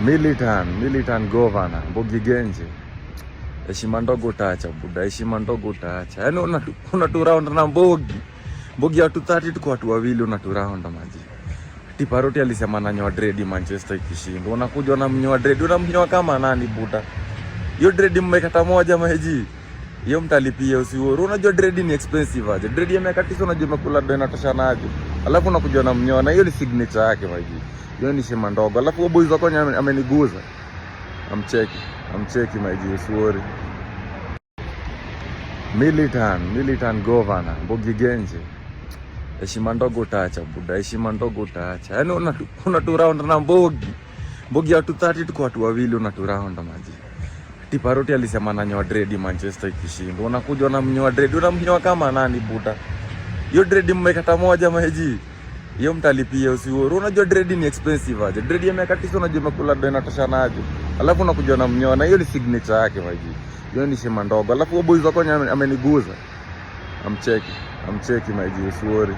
Militan, Militan governor, Mbugi Genje. Heshima ndogo utaacha buda, heshima ndogo utaacha. Yani una, tu round na Mbugi. Mbugi watu 30 tuko watu wawili una tu round maji. Tiparoti alisema na nyoa dread Manchester ikishinda. Unakuja na mnyoa dread, unamnyoa kama nani buda? Hiyo dread mmekata moja maji. Hiyo mtalipia usiuru. Unajua dread ni expensive aje. Dread imekatishwa unajua umekula ndo inatosha naje alafu nakuja na mnyona, hiyo ni signature yake maji, hiyo ni shema ndogo. Alafu huyo boys wako ameniguza, amcheki amcheki maji, usiwori militan militan governor Mbugi Genje, heshima ndogo utaacha buda, heshima ndogo utaacha. Yani unaturaunda una na Mbugi Mbugi ya 230 tuko watu wawili, unaturaunda maji Tiparoti alisema na nyoa dredi Manchester ikishindwa, unakuja na unamnyoa dredi, unamnyoa kama nani buda? hiyo dredi mmekata moja maji hiyo mtalipia, usiuoro. Unajua dredi ni expensive aje, dredi tisa unajua imekula doa inatoshanaje, alafu unakuja na mnyona. Hiyo ni signature yake maji, hiyo ni shema ndogo. Alafu boys wako ameniguza, amcheki amcheki maji, usiuori.